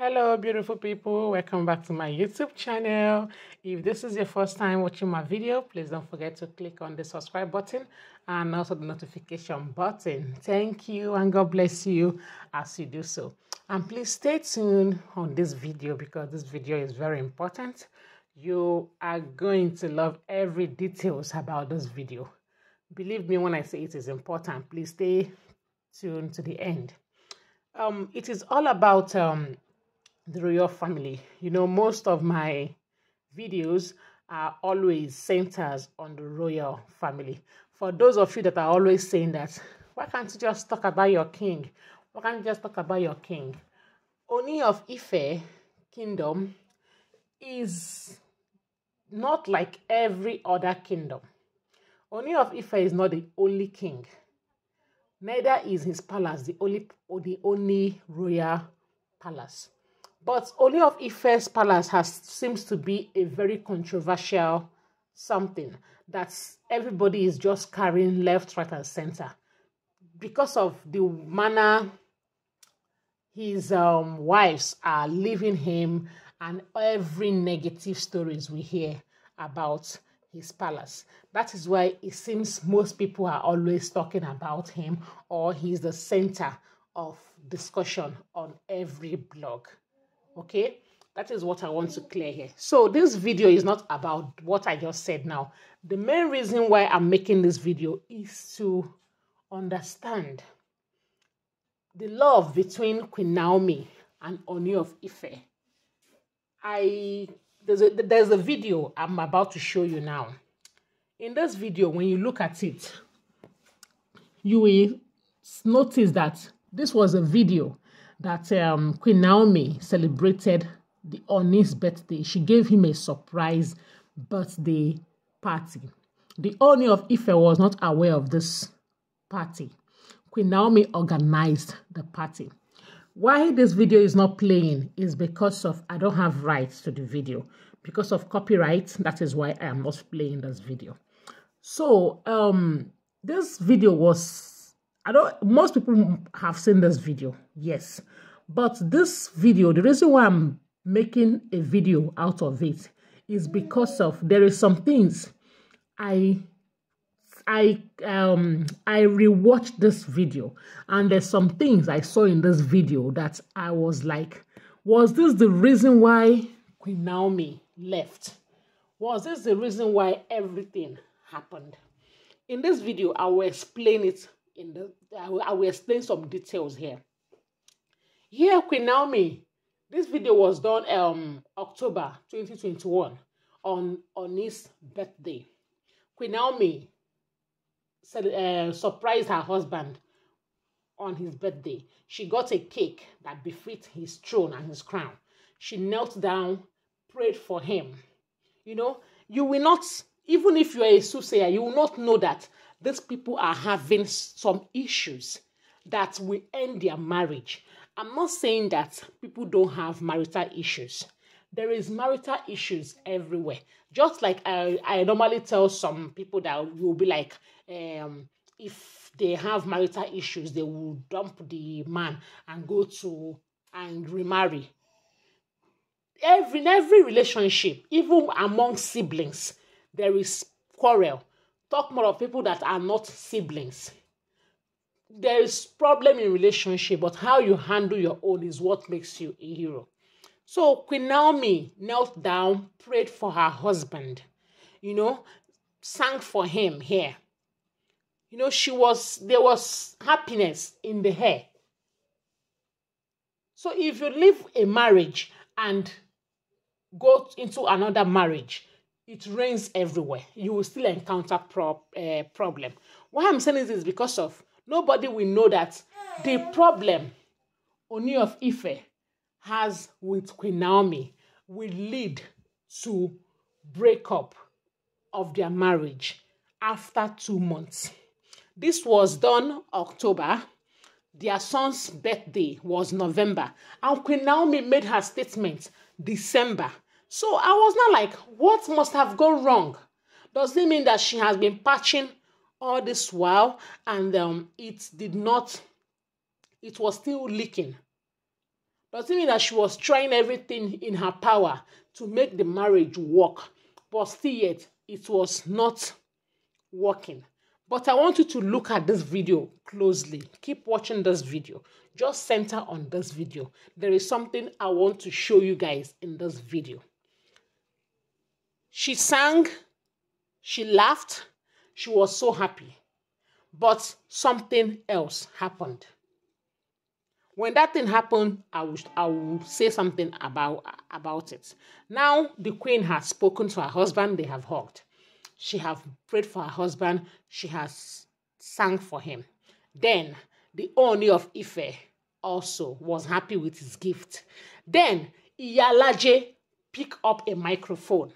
hello beautiful people welcome back to my youtube channel if this is your first time watching my video please don't forget to click on the subscribe button and also the notification button thank you and god bless you as you do so and please stay tuned on this video because this video is very important you are going to love every details about this video believe me when i say it is important please stay tuned to the end um, it is all about um, the royal family. You know, most of my videos are always centers on the royal family. For those of you that are always saying that, why can't you just talk about your king? Why can't you just talk about your king? Oni of Ife kingdom is not like every other kingdom. Oni of Ife is not the only king. Neither is his palace the only the only royal palace. But Oli of Ife's palace has seems to be a very controversial something that everybody is just carrying left, right, and center because of the manner his um, wives are leaving him and every negative stories we hear about his palace. That is why it seems most people are always talking about him or he's the center of discussion on every blog okay that is what i want to clear here so this video is not about what i just said now the main reason why i'm making this video is to understand the love between queen naomi and oni of ife i there's a, there's a video i'm about to show you now in this video when you look at it you will notice that this was a video that um, Queen Naomi celebrated the Oni's birthday. She gave him a surprise birthday party. The Oni of Ife was not aware of this party. Queen Naomi organized the party. Why this video is not playing is because of I don't have rights to the video. Because of copyright, that is why I am not playing this video. So, um, this video was I don't, most people have seen this video, yes. But this video, the reason why I'm making a video out of it is because of, there is some things I I um I rewatched this video and there's some things I saw in this video that I was like, was this the reason why Queen Naomi left? Was this the reason why everything happened? In this video, I will explain it in the I will, I will explain some details here. Here, Queen Naomi, this video was done um October 2021 on on his birthday. Queen Naomi said, uh, surprised her husband on his birthday. She got a cake that befit his throne and his crown. She knelt down, prayed for him. You know, you will not even if you are a soothsayer, you will not know that these people are having some issues that will end their marriage. I'm not saying that people don't have marital issues. There is marital issues everywhere. Just like I, I normally tell some people that will be like, um, if they have marital issues, they will dump the man and go to and remarry. Every in every relationship, even among siblings, there is quarrel. Talk more of people that are not siblings. There is problem in relationship, but how you handle your own is what makes you a hero. So Queen Naomi knelt down, prayed for her husband, you know, sang for him here. You know, she was there was happiness in the hair. So if you leave a marriage and go into another marriage, it rains everywhere, you will still encounter prob- uh, problem. Why I'm saying this is because of nobody will know that the problem Oni of Ife has with Queen Naomi will lead to breakup of their marriage after two months. This was done October. Their son's birthday was November. And Queen Naomi made her statement December so I was not like, what must have gone wrong? Does it mean that she has been patching all this while and um, it did not, it was still leaking? Does it mean that she was trying everything in her power to make the marriage work, but still yet it was not working? But I want you to look at this video closely. Keep watching this video. Just center on this video. There is something I want to show you guys in this video. She sang, she laughed, she was so happy. But something else happened. When that thing happened, I will, I will say something about, about it. Now the queen has spoken to her husband, they have hugged. She have prayed for her husband, she has sang for him. Then the Oni of Ife also was happy with his gift. Then Iyalaje picked up a microphone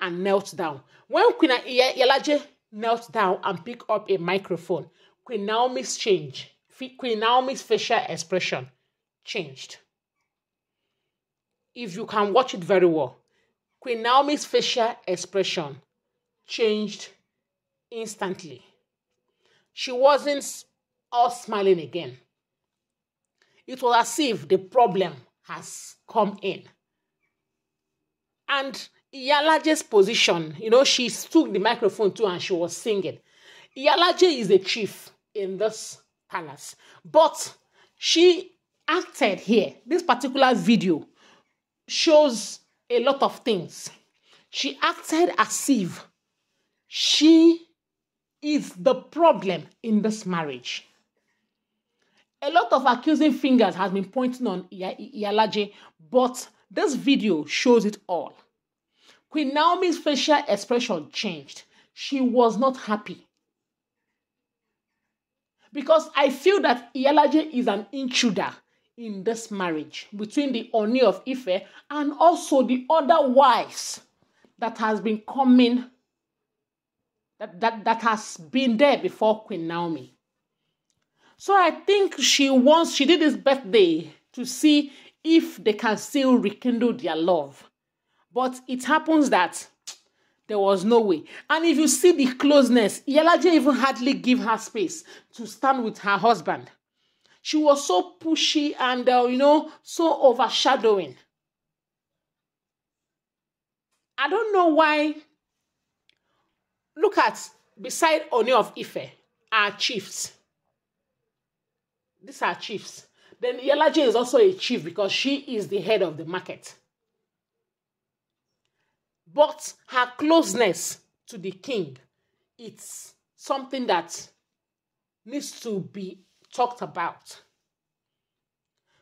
and knelt down. When Queen Yelaje knelt down and picked up a microphone, Queen Naomi's change, Queen Naomi's facial expression changed. If you can watch it very well, Queen Naomi's facial expression changed instantly. She wasn't all smiling again. It was as if the problem has come in. And Iyalaje's position, you know, she took the microphone too and she was singing. Iyalaje is a chief in this palace, but she acted here. This particular video shows a lot of things. She acted as if she is the problem in this marriage. A lot of accusing fingers has been pointing on Iyalaje, but this video shows it all. Queen Naomi's facial expression changed. She was not happy. Because I feel that Iyalaje is an intruder in this marriage between the Oni of Ife and also the other wives that has been coming, that, that, that has been there before Queen Naomi. So I think she wants, she did this birthday to see if they can still rekindle their love. But it happens that there was no way. And if you see the closeness, Yelaje even hardly give her space to stand with her husband. She was so pushy and, uh, you know, so overshadowing. I don't know why. Look at, beside Oni of Ife, are chiefs. These are chiefs. Then Yelaje is also a chief because she is the head of the market. But her closeness to the king, it's something that needs to be talked about.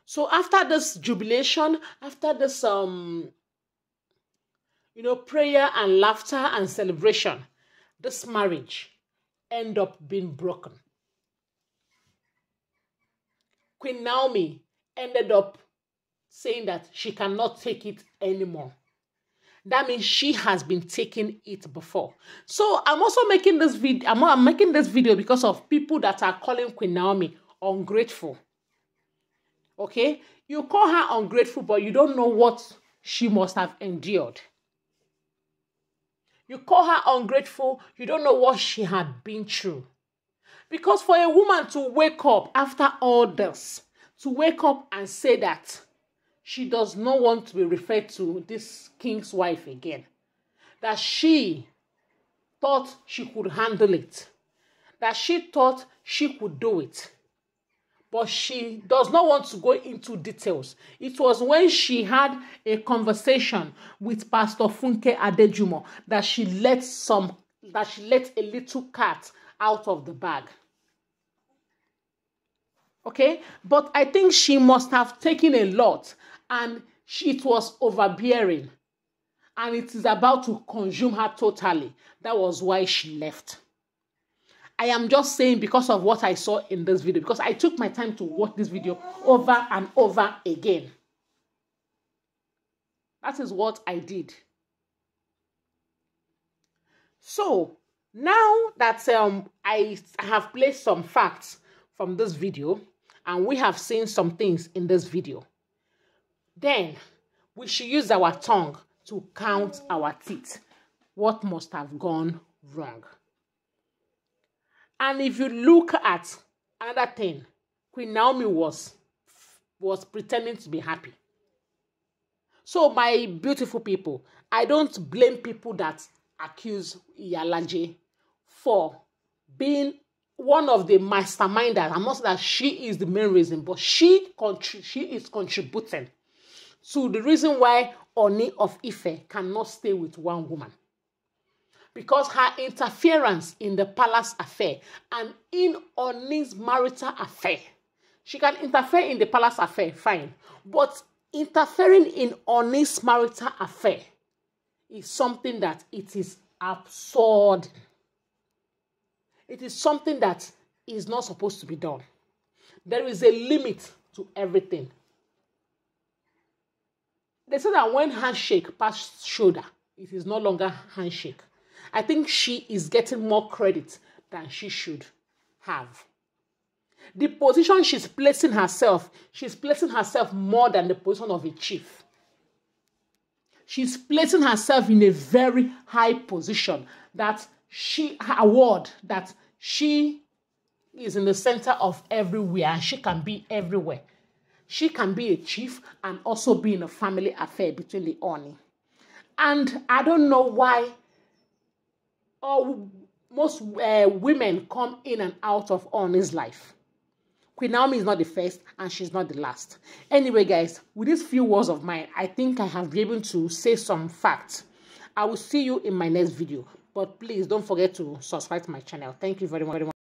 So after this jubilation, after this um you know prayer and laughter and celebration, this marriage end up being broken. Queen Naomi ended up saying that she cannot take it anymore that means she has been taking it before so i'm also making this video I'm, I'm making this video because of people that are calling queen naomi ungrateful okay you call her ungrateful but you don't know what she must have endured you call her ungrateful you don't know what she had been through because for a woman to wake up after all this to wake up and say that she does not want to be referred to this king's wife again. That she thought she could handle it. That she thought she could do it. But she does not want to go into details. It was when she had a conversation with Pastor Funke Adejumo that she let some that she let a little cat out of the bag. Okay, but I think she must have taken a lot and she was overbearing and it is about to consume her totally. That was why she left. I am just saying because of what I saw in this video, because I took my time to watch this video over and over again. That is what I did. So, now that um, I have placed some facts from this video, and we have seen some things in this video, Then we should use our tongue to count our teeth. What must have gone wrong? And if you look at another thing, Queen Naomi was was pretending to be happy. So my beautiful people, I don't blame people that accuse Iyalaje for being one of the masterminders. I'm not saying that she is the main reason, but she contri- she is contributing to the reason why Oni of Ife cannot stay with one woman. Because her interference in the palace affair and in Oni's marital affair, she can interfere in the palace affair, fine. But interfering in Oni's marital affair is something that it is absurd. It is something that is not supposed to be done. There is a limit to everything. They say that when handshake past shoulder, it is no longer handshake. I think she is getting more credit than she should have. The position she's placing herself, she's placing herself more than the position of a chief. She's placing herself in a very high position that she, award that she is in the center of everywhere and she can be everywhere she can be a chief and also be in a family affair between the Oni. And I don't know why most uh, women come in and out of Oni's life. Queen Naomi is not the first and she's not the last. Anyway, guys, with these few words of mine, I think I have been able to say some facts. I will see you in my next video. But please don't forget to subscribe to my channel. Thank you very much.